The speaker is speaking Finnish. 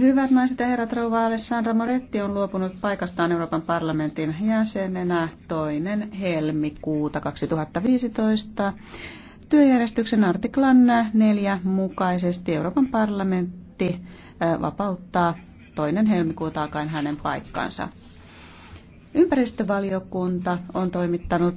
Hyvät naiset ja herrat, rouva Alessandra Moretti on luopunut paikastaan Euroopan parlamentin jäsenenä toinen helmikuuta 2015. Työjärjestyksen artiklan 4 mukaisesti Euroopan parlamentti vapauttaa toinen helmikuuta alkaen hänen paikkansa. Ympäristövaliokunta on toimittanut